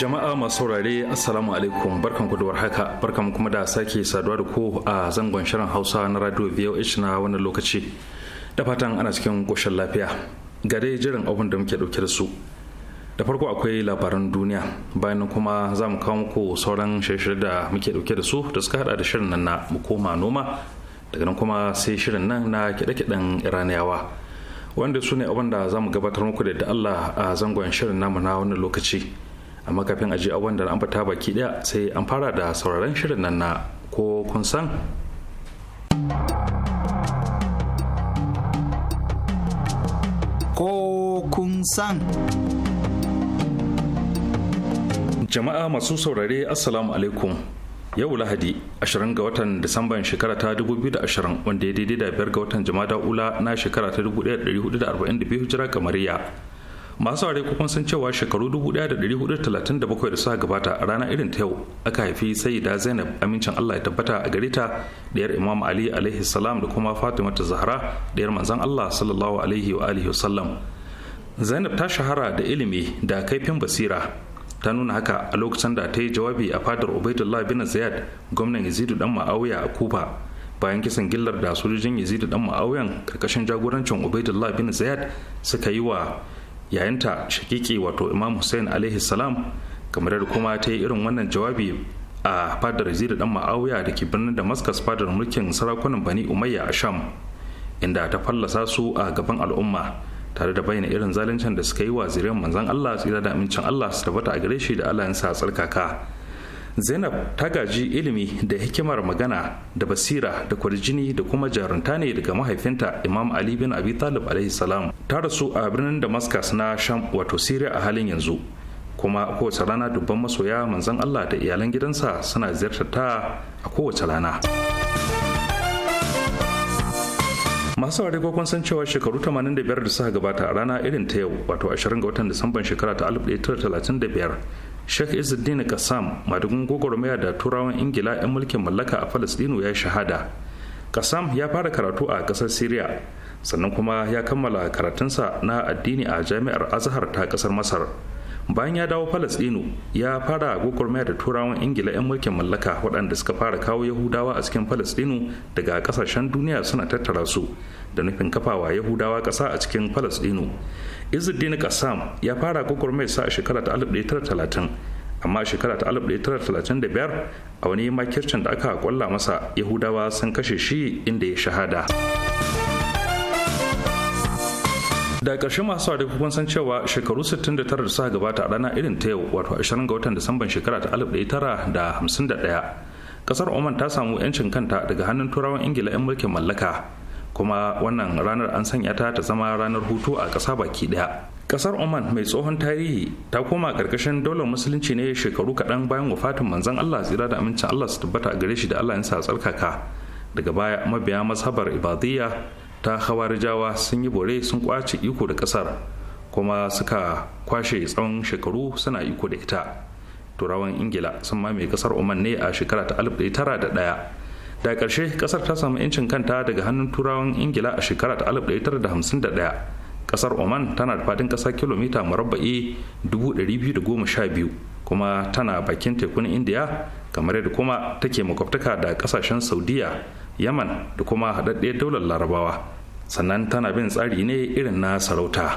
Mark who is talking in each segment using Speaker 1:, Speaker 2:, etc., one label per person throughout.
Speaker 1: jama'a masu saurare assalamu alaikum barkan ku da warhaka barkan kuma da sake saduwa da ku a zangon shirin hausa na radio voh na wannan lokaci da fatan ana cikin koshin lafiya gare jiran abin da muke dauke da su da farko akwai labaran duniya bayan kuma za mu kawo muku sauran shirye da muke dauke da su da suka hada da shirin nan na koma noma daga nan kuma sai shirin nan na kiɗe-kiɗen iraniyawa wanda su ne abin da za mu gabatar muku da Allah a zangon shirin namu na wannan lokaci amma kafin a ji abubuwan da an fata baki daya sai an fara da sauraron shirin nan na ko kun san jama'a masu saurare assalamu alaikum yau lahadi 20 ga watan disamban shekara ta 2020 wanda ya daidai da 5 ga watan jama'a ula na shekara ta 1442 hijira kamariya masu ware kuma san cewa shekaru 1437 da suka gabata a ranar irin ta yau aka haifi sai da zainab amincin allah ya tabbata a gare ta ɗayar imam ali alaihi salam da kuma fatima ta zahra ɗayar manzon allah sallallahu alaihi wa alihi wasallam zainab ta shahara da ilimi da kaifin basira ta nuna haka a lokacin da ta yi jawabi a fadar ubaidullah bin ziyad gwamnan yazidu dan ma'auya a kufa bayan kisan gillar da sojojin yazidu dan ma'auyan karkashin jagorancin ubaidullah bin ziyad suka yi wa yayanta shakiki wato imam hussein alaihi salam kamar da kuma ta yi irin wannan jawabi a fadar zira dan ma'auya da ke birnin damascus fadar mulkin sarakunan bani umayya a sham inda ta fallasa su a gaban al'umma tare da bayyana irin zaluncin da suka yi wa zuriyar manzan allah tsira da amincin allah su tabbata a gare shi da allah ya sa tsarkaka zainab ta gaji ilimi da hikimar magana da basira da kwarjini da kuma jarunta ne daga mahaifinta imam ali bin abi talib alaihi salam ta rasu a birnin damascus na sham wato syria a halin yanzu kuma kowace rana dubban masoya manzon allah da iyalan gidansa suna ziyartar ta a kowace rana masu saurari kun san cewa shekaru 85 da suka gabata a rana irin ta yau wato 20 ga watan disamban shekara ta 1935 sheikh isdin kassam madugun gwagwarmaya da turawan ingila 'yan mulkin mallaka a falastinu ya shahada kassam ya fara karatu a ƙasar syria sannan kuma ya kammala karatunsa na addini a jami'ar azhar ta ƙasar masar bayan ya dawo palestine ya fara gwagwarmaya da turawan ingila 'yan mulkin mallaka waɗanda suka fara kawo yahudawa a cikin palestine daga ƙasashen duniya suna tattara su da nufin kafawa yahudawa ƙasa a cikin palestine. izuddin kasam ya fara mai sa a shekara ta 1930 amma a shekara ta 1935 a wani makircin da aka kwalla masa yahudawa sun kashe shi inda ya shahada da ƙarshe masu wari kun san cewa shekaru 69 da suka gabata a rana irin ta yau wato 20 ga watan disamban shekara ta 1951 kasar oman ta samu 'yancin kanta daga hannun turawan ingila 'yan mulkin mallaka kuma wannan ranar an sanya ta ta zama ranar hutu a ƙasa baki ɗaya ƙasar oman mai tsohon tarihi ta koma karkashin daular musulunci ne shekaru kaɗan bayan wafatin manzon allah tsira da amincin allah su tabbata a gare shi da allah ya sa tsarkaka daga baya mabiya mazhabar ibadiyya ta hawarijawa sun yi bore sun kwace iko da ƙasar kuma suka kwashe tsawon shekaru suna iko da ita turawan ingila sun mamaye ƙasar oman ne a shekara ta 1901 da ƙarshe ƙasar ta samu 'yancin kanta daga hannun turawan ingila a shekara ta 1951 ƙasar oman tana da faɗin ƙasa kilomita sha 212 kuma tana bakin tekun indiya kamar yadda kuma take makwabtaka da ƙasashen saudiya yaman da kuma haɗaɗɗiyar daular larabawa sannan tana bin tsari ne irin na sarauta.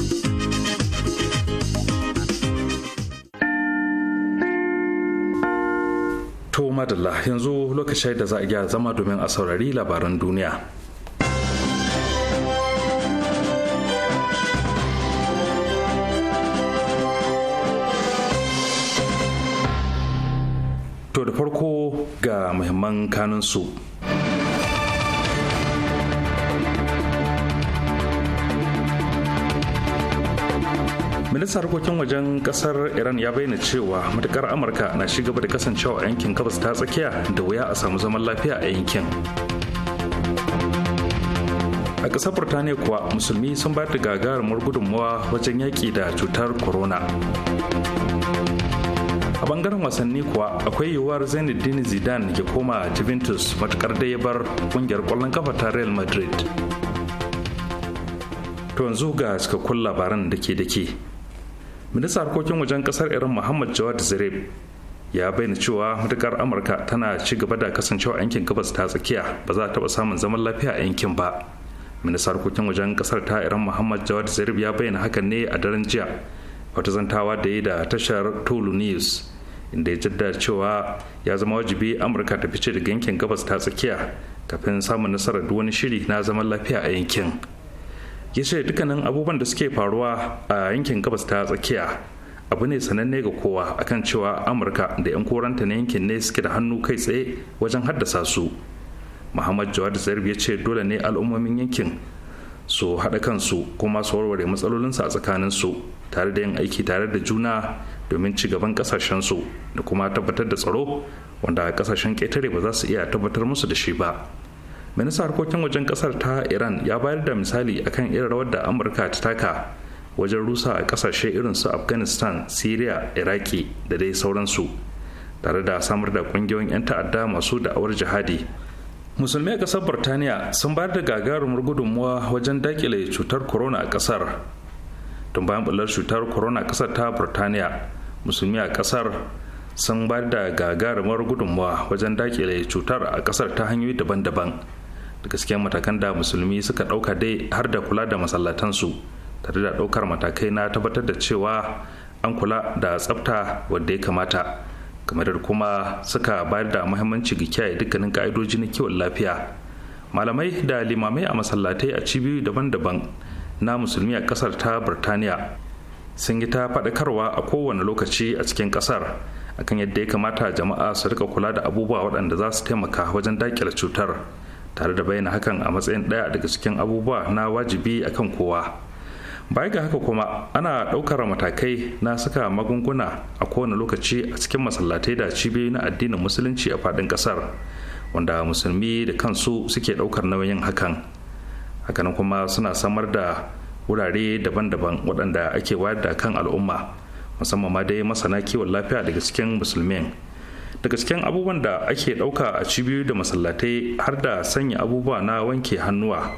Speaker 1: madalla yanzu lokacin da za a gyara zama domin a saurari labaran duniya to da farko ga muhimman kanunsu ministan harkokin wajen kasar iran ya bayyana cewa matukar amurka na ci gaba da kasancewa a yankin gabas ta tsakiya da wuya a samu zaman lafiya a yankin a ƙasar burtaniya kuwa musulmi sun ba da gagarumar gudunmawa wajen yaƙi da cutar corona a bangaren wasanni kuwa akwai yiwuwar zainuddin zidane ya koma juventus matukar da ya bar kungiyar ƙwallon kafa ta real madrid to yanzu ga cikakkun labaran da ke da ke ministan harkokin wajen kasar irin muhammad jawad Zarif ya bayyana cewa matukar amurka tana ci gaba da kasancewa yankin gabas ta tsakiya ba za ta taɓa samun zaman lafiya a yankin ba ministan harkokin wajen kasar ta iran muhammad jawad zarif ya bayyana hakan ne a daren jiya wata zantawa da yi da tashar tolu news inda ya jaddada cewa ya zama wajibi amurka ta fice daga yankin gabas ta tsakiya kafin samun nasarar wani shiri na zaman lafiya a yankin ya ce dukkanin abubuwan da suke faruwa a yankin gabas ta tsakiya abu ne sananne ga kowa akan cewa amurka da 'yan koranta na yankin ne suke da hannu kai tsaye wajen haddasa su muhammad jawad zarbi ya ce dole ne al'ummomin yankin su haɗa kansu kuma su warware matsalolinsu a tsakaninsu tare da yin aiki tare da juna domin ci gaban kasashensu da kuma tabbatar da tsaro wanda kasashen ketare ba za su iya tabbatar musu da shi ba minista harkokin wajen kasar ta iran ya bayar da misali akan irin rawar da amurka ta taka wajen rusa a kasashe irin su afghanistan syria iraki da dai sauransu tare da samar da kungiyoyin 'yan ta'adda masu da'awar jihadi musulmi a kasar burtaniya sun bayar da gagarumar gudunmuwa wajen dakile cutar corona a kasar tun bayan bular cutar corona a kasar ta burtaniya musulmi a kasar sun bayar da gagarumar gudunmuwa wajen dakile cutar a kasar ta hanyoyi daban-daban da gaskiya matakan da musulmi suka ɗauka dai har da kula da masallatansu tare da ɗaukar matakai na tabbatar da cewa an kula da tsafta wadda ya kamata kamar da kuma suka bayar da muhimmanci ga kiyaye dukkanin ka'idoji na kiwon lafiya malamai da limamai a masallatai a cibiyoyi daban-daban na musulmi a kasar ta birtaniya sun yi ta faɗakarwa a kowane lokaci a cikin kasar akan yadda ya kamata jama'a su rika kula da abubuwa waɗanda za su taimaka wajen daƙile cutar tare da bayyana hakan a matsayin ɗaya daga cikin abubuwa na wajibi a kan kowa baya ga haka kuma ana ɗaukar matakai na saka magunguna a kowane lokaci a cikin masallatai da cibiyoyi na addinin musulunci a faɗin ƙasar wanda musulmi da kansu suke ɗaukar nauyin hakan nan kuma suna samar da wurare daban-daban waɗanda ake wayar da kan al'umma musamman ma dai masana kiwon lafiya daga cikin musulmi. daga cikin abubuwan da ake ɗauka a cibiyoyi da masallatai har da sanya abubuwa na wanke hannuwa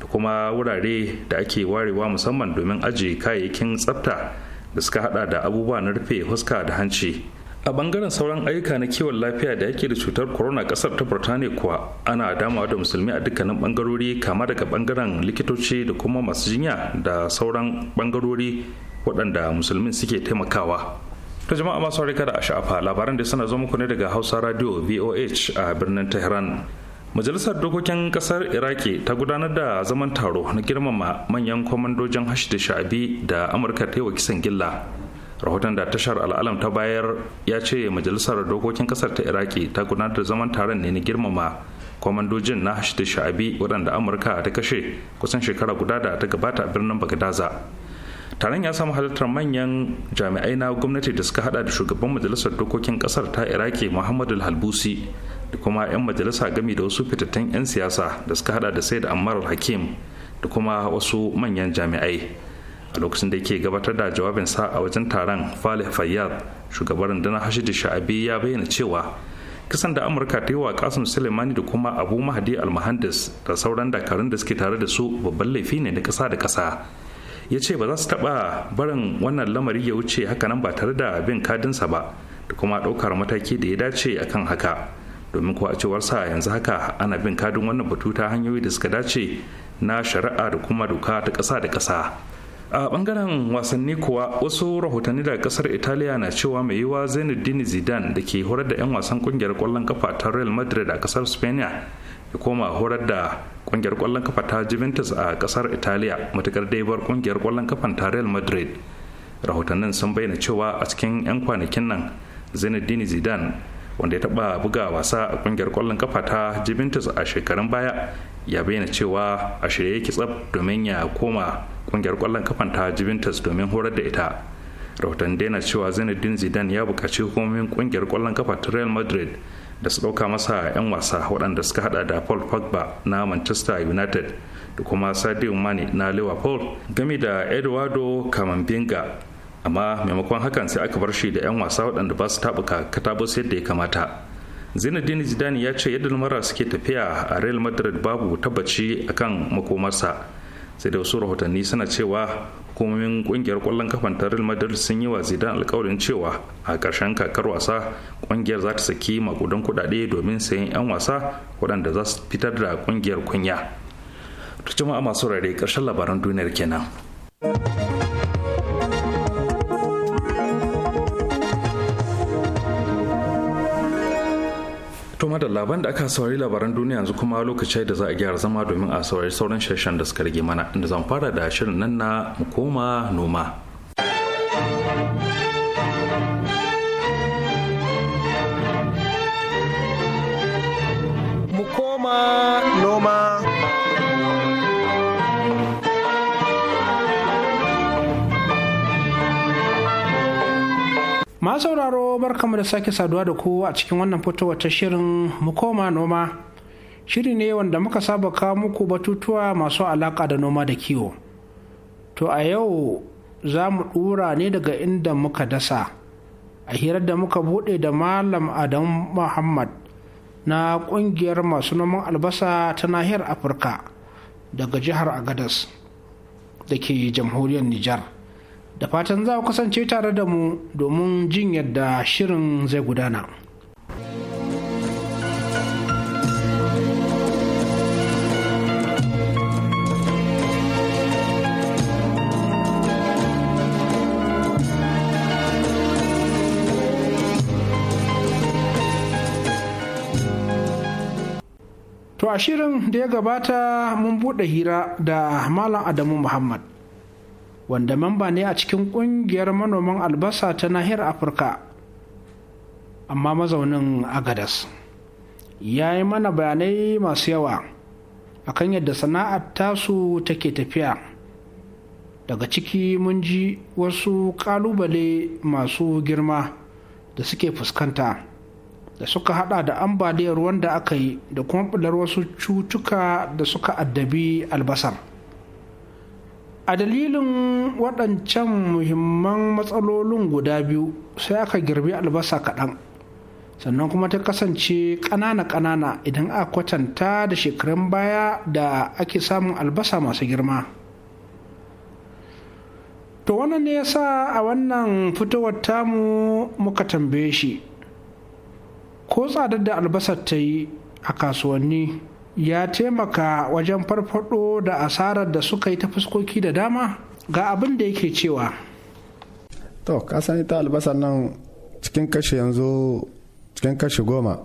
Speaker 1: da kuma wurare da ake warewa musamman domin ajiye kayayyakin tsafta da suka hada da abubuwa na rufe huska da hanci a bangaren sauran ayyuka na kiwon lafiya da yake da cutar corona kasar ta burtaniya kuwa ana damawa da musulmi a dukkanin bangarori kama daga bangaren likitoci da kuma masu jinya da sauran bangarori waɗanda musulmin suke taimakawa ta jama'a masu kada da sha'afa labaran da suna zo muku ne daga hausa radio voh a birnin tehran majalisar dokokin kasar iraki ta gudanar da zaman taro na girmama manyan kwamandojin hashi da sha'abi da amurka ta yi wa kisan gilla rahoton da tashar al'alam ta bayar ya ce majalisar dokokin kasar ta iraki ta gudanar da zaman taron ne na girmama kwamandojin na hashi da sha'abi waɗanda amurka ta kashe kusan shekara guda da ta gabata a birnin bagdaza taron ya samu halartar manyan jami'ai na gwamnati da suka hada da shugaban majalisar dokokin kasar ta iraki muhammadu halbusi da kuma 'yan majalisa gami da wasu fitattun 'yan siyasa da suka hada da sai da ammar hakim da kuma wasu manyan jami'ai a lokacin da ke gabatar da jawabinsa a wajen taron falih fayyad shugaban rundunar hashidu sha'abi ya bayyana cewa kisan da amurka ta yi wa kasim suleimani da kuma abu mahadi almuhandis da sauran dakarun da suke tare da su babban laifi ne na kasa da kasa ya ce ba za su taɓa barin wannan lamari ya wuce hakanan ba tare da bin kadinsa ba da kuma ɗaukar mataki da ya dace akan haka domin kuwa a cewar sa yanzu haka ana bin kadin wannan batu ta hanyoyi da suka dace na shari'a da kuma doka ta ƙasa da ƙasa a bangaren wasanni kuwa wasu rahotanni daga ƙasar italiya na cewa mai yiwa zainuddin zidane da ke horar da 'yan wasan ƙungiyar kwallon kafa ta real madrid a ƙasar spania ya koma horar da kungiyar kwallon kafa ta juventus a kasar italiya matukar daibar kungiyar kwallon kafan ta real madrid rahotannin sun bayyana cewa a cikin 'yan kwanakin nan zinedine zidane wanda ya taba buga wasa a kungiyar kwallon kafa ta juventus a shekarun baya ya bayyana cewa a shirye yake tsab domin ya koma kungiyar kwallon kafan ta juventus domin horar da ita rahoton daina cewa zinedine zidane ya buƙaci hukumomin kungiyar kwallon kafa ta real madrid da su ɗauka masa 'yan wasa waɗanda suka hada da paul pogba na manchester united da kuma sadio mane na liverpool game da eduardo kamambinga amma maimakon hakan sai aka bar shi da 'yan wasa waɗanda ba su taɓuka katabus yadda ya kamata zinedine zidane ya ce yadda lamara suke tafiya a real madrid babu tabbaci akan makomarsa sai da wasu rahotanni suna cewa hukumomin kungiyar kwallon kafan ta real madrid sun yi wa zidan alkawarin cewa a ƙarshen kakar wasa kungiyar za ta saki makudan kuɗaɗe domin sayan 'yan wasa waɗanda za su fitar da kungiyar kunya to jama'a masu rare karshen labaran duniyar kenan To da labaran da aka saurari labaran duniya yanzu kuma lokaci da za a gyara zama domin a saurari sauran shashen da suka rage mana inda zan fara da shirin nan na mu koma noma.
Speaker 2: sauraro sauraro barkamu da sake saduwa da ku a cikin wannan fitowa ta shirin mukoma noma shiri ne wanda muka saba kawo muku batutuwa masu alaka da noma da kiwo to a yau za mu dura ne daga inda muka dasa a hirar da muka bude da malam adam muhammad na kungiyar masu noman albasa ta nahiyar afirka daga jihar agadas da ke jamhuriyar nijar da fatan za ku kasance tare da mu domin jin yadda shirin zai gudana. To a shirin da ya gabata mun buɗe hira da Malam Adamu Muhammad. wanda mamba ne a cikin ƙungiyar manoman albasa ta nahiyar afirka amma mazaunin agadas ya yi mana bayanai masu yawa akan yadda sana'ar tasu take tafiya daga ciki mun ji wasu ƙalubale masu girma da suke fuskanta da suka hada da ambaliyar wanda aka yi da kuma bular wasu cutuka da suka addabi albasar a dalilin waɗancan muhimman matsalolin guda biyu sai aka girbi albasa kaɗan sannan kuma ta kasance ƙanana-ƙanana idan aka kwatanta da shekarun baya da ake samun albasa masu girma to wannan ne yasa a wannan fitowar tamu muka tambaye shi ko tsadar da albasar ta yi a kasuwanni ya taimaka wajen farfado da asarar da suka yi ta fuskoki da dama ga abin da yake cewa
Speaker 3: to kasan ita albasa nan cikin kashe yanzu cikin kashe goma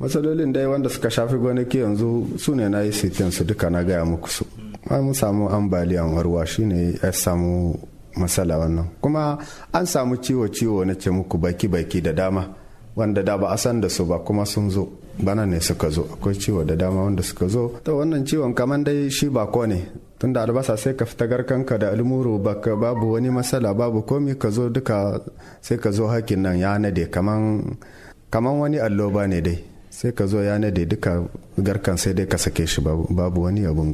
Speaker 3: matsalolin dai wanda suka shafi gonaki yanzu su ne na yi sitin su duka na gaya muku su mun samu ambaliyan ruwa shine ya samu matsala wannan kuma an samu ciwo-ciwo na ce muku baki-baki da dama wanda da ba a san da su ba kuma sun zo bana ne suka zo akwai ciwo da dama wanda suka zo to wannan ciwon kaman dai shi ba ko ne tunda albasa sai ka fita garkanka da almuru baka babu wani matsala babu komi ka zo duka sai ka zo hakin nan ya nade kaman kaman wani alloba ne dai sai ka zo ya nade duka garkan sai dai ka sake shi babu wani abun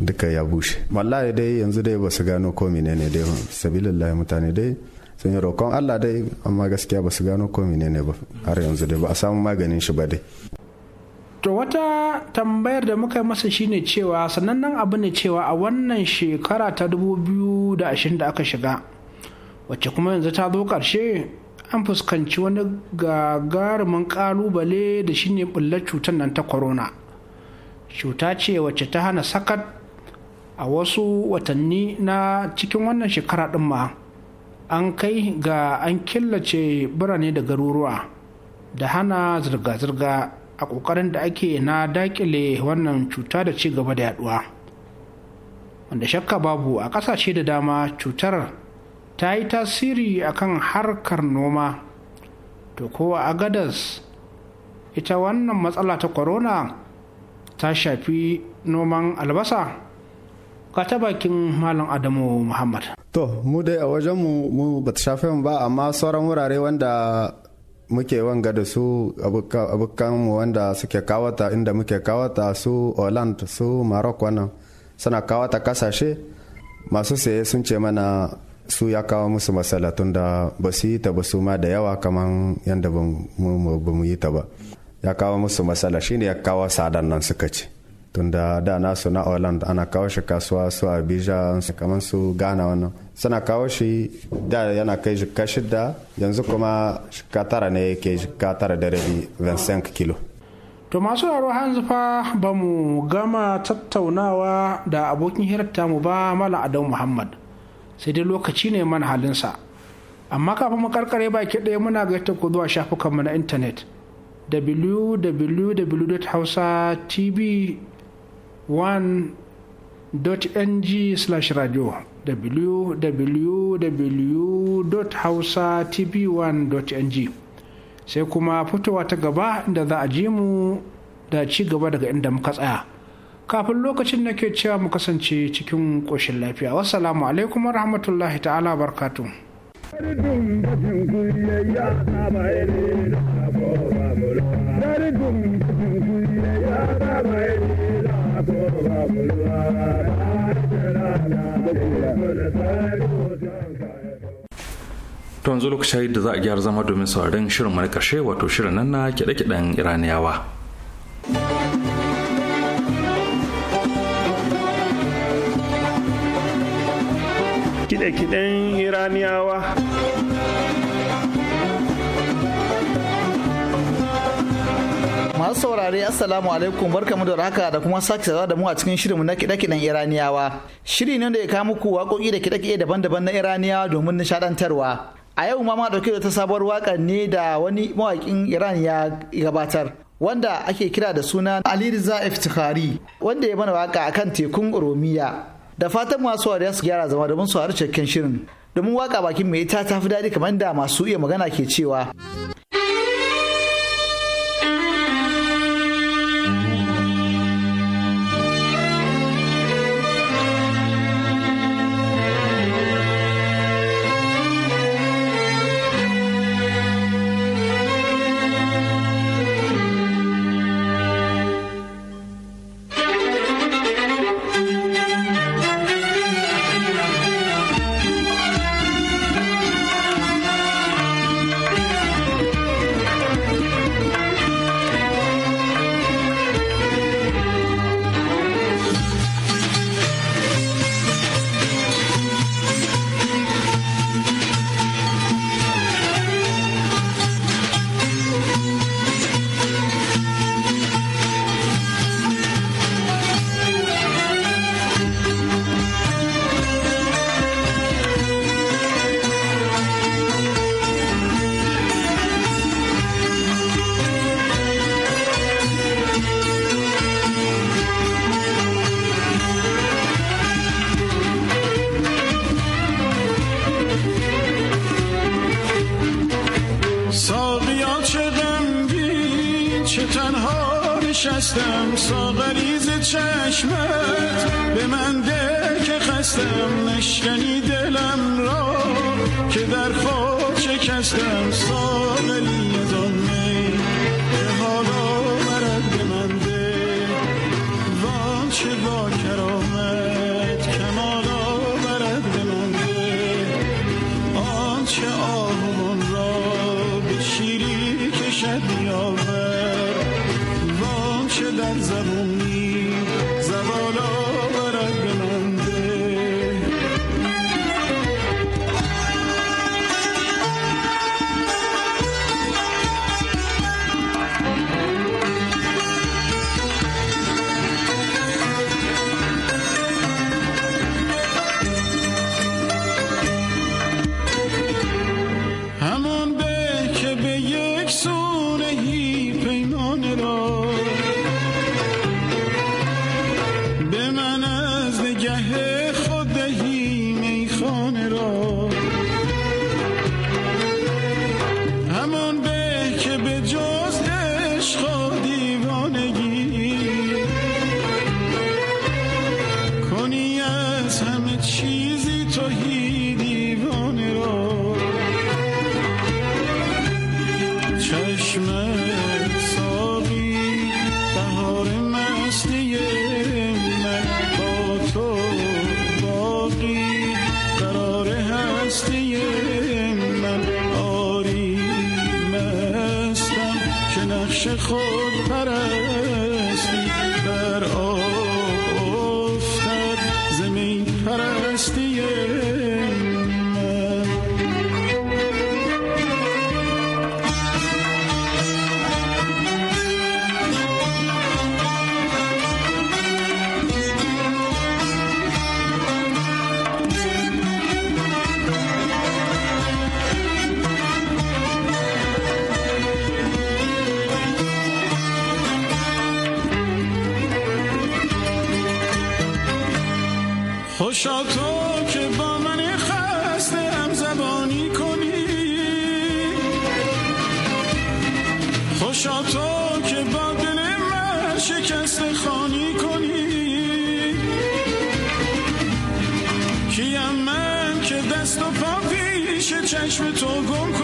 Speaker 3: duka ya bushe wallahi dai yanzu dai ba su gano komi ne ne dai sabilillahi mutane dai sun yi roƙon allah dai amma gaskiya ba su gano ko menene ba har yanzu dai ba a samu maganin shi ba dai
Speaker 2: to wata tambayar da muka yi masa shine cewa sanannen abu ne cewa a wannan shekara ta 2020 da aka shiga wacce kuma yanzu ta zo ƙarshe an fuskanci wani gagarumin ƙalubale da shine bullar cutar nan ta corona cuta ce wacce ta hana sakat a wasu watanni na cikin wannan shekara ɗin ma an kai ga an killace birane da garuruwa da hana zirga-zirga a ƙoƙarin da ake na dakile wannan cuta da ci gaba da yaduwa wanda shakka babu a ƙasashe da dama cutar ta yi tasiri akan harkar noma to kowa a gadas ita wannan matsala ta corona ta shafi noman albasa ka ta bakin malam adamu muhammad to mu dai a wajen
Speaker 3: mu ba ta shafe mu ba amma sauran wurare wanda muke wanga da su abokanmu wanda suke kawata inda muke kawata su holland su morocco wannan suna kawata kasashe masu saye sun ce mana su ya kawo musu masalatun da ba su yi ta ba su ma da yawa kamar yadda ba mu yi ta ba ya kawo musu matsala shine ya kawo sadan nan suka ce tunda da nasu na Holland ana kawo shi kasuwa su Abuja kamar su Ghana wannan suna kawo shi da yana kai kashi shida yanzu kuma jika tara ne yake jika tara da rabi 25 kilo
Speaker 2: to masu yaro hanzu fa ba mu gama tattaunawa da abokin hirarta mu ba mala adam muhammad sai dai lokaci ne man halinsa amma kafin mu karkare baki ɗaya muna gaita ku zuwa shafukanmu na intanet tv. slash radio www.hausatv1.ng sai kuma fitowa ta gaba da za a ji mu da ci gaba daga inda muka tsaya kafin lokacin nake ke cewa mu kasance cikin ƙoshin lafiya wasalamu alaikum rahmatullahi ta'ala barkatu
Speaker 4: Dari
Speaker 1: To yanzu lokaci da za a gyara zama domin sauran shirin na karshe wato shirin nan na kiɗe-kiɗen Iraniyawa. Kiɗe-kiɗen
Speaker 3: Iraniyawa.
Speaker 5: masu saurare assalamu alaikum barkamu da haka da kuma sake sawa da mu a cikin shirinmu na kiɗe-kiɗen iraniyawa shiri ne da ya kawo muku waƙoƙi da kiɗe-kiɗe daban-daban na iraniyawa domin nishaɗantarwa a yau ma ma dauke da ta sabuwar wakar ne da wani mawaƙin iran ya gabatar wanda ake kira da suna ali riza iftikhari wanda ya mana waƙa akan tekun oromiya da fatan masu wariya su gyara zama domin su haru cikin shirin domin waka bakin mai ita ta fi daɗi kamar da masu iya magana ke cewa.
Speaker 4: هستم ساغری چشمت به من ده که خستم نشکنی Oh. شکست خانی کنی کیم من که دست و پا پیش چشم تو گم کنی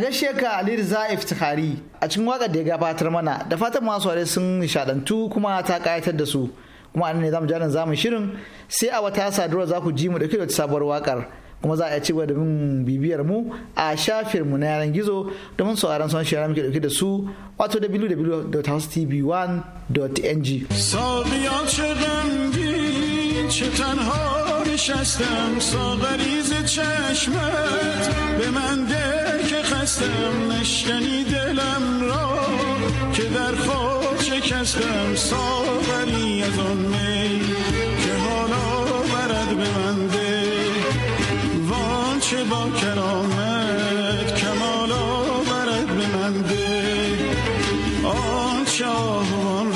Speaker 5: gaishe ka Ali Riza Iftikhari a cikin wakar da ya gabatar mana da fatan masu ware sun nishadantu kuma ta kayatar da su kuma anan ne zamu ji nan zamu shirin sai a wata sadarwa za ku ji mu da da sabuwar wakar kuma za a iya da mun bibiyar mu a shafin mu na yanar gizo domin sauraron son shi muke dauke da su wato wwwtv 1ng ساقیان
Speaker 4: چه غمگین چه تنها نشستم ساغریز چشمت به من شکستم نشکنی دلم را که در خود شکستم ساغری از آن می که حالا برد به من وان چه با کرامت کمالا برد به من آن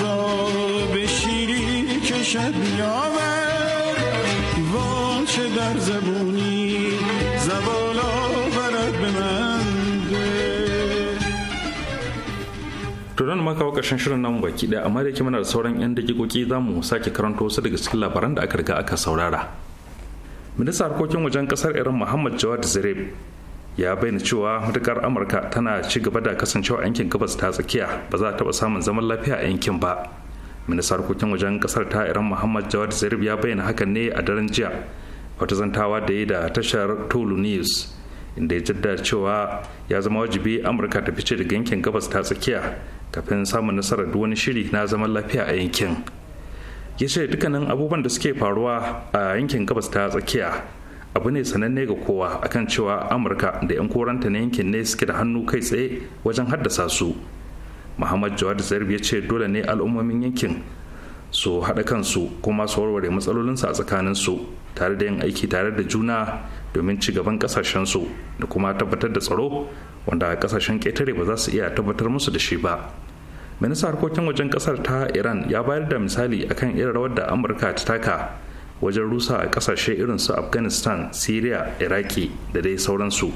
Speaker 4: را به شیری کشد یاور وان چه در زبون
Speaker 1: turan maka kawo ƙarshen shirin namu baki ɗaya amma da yake muna da sauran 'yan dakikoki za mu sake karanto su daga cikin labaran da aka riga aka saurara minista harkokin wajen kasar iran muhammad jawad Zarif ya bayyana cewa matukar amurka tana ci gaba da kasancewa yankin gabas ta tsakiya ba za ta taɓa samun zaman lafiya a yankin ba ministan harkokin wajen kasar ta iran muhammad jawad Zarif ya bayyana hakan ne a daren jiya wata zantawa da ya da tashar tolu news inda ya jaddada cewa ya zama wajibi amurka ta fice daga yankin gabas ta tsakiya kafin samun nasarar duk wani shiri na zaman lafiya a yankin ya ce dukkanin abubuwan da suke faruwa a yankin gabas ta tsakiya abu ne sananne ga kowa akan cewa amurka da 'yan koranta na yankin ne suke da hannu kai tsaye wajen haddasa su muhammad jawad zarif ya ce dole ne al'ummomin yankin su haɗa kansu kuma su warware matsalolinsu a tsakaninsu tare da yin aiki tare da juna domin ci gaban ƙasashensu da kuma tabbatar da tsaro wanda kasashen ƙetare ba za su iya tabbatar musu da shi ba minista harkokin wajen kasar ta iran ya bayar da misali akan irin rawar da amurka ta taka wajen rusa a kasashe irin su afghanistan syria iraki da dai sauransu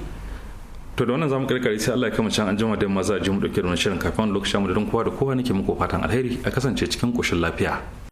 Speaker 1: to da wannan zamu karkare sai Allah ya kama can an jima da maza ji mu dauke da wannan shirin kafin lokacin mu da kowa da kowa nake muku fatan alheri a kasance cikin koshin lafiya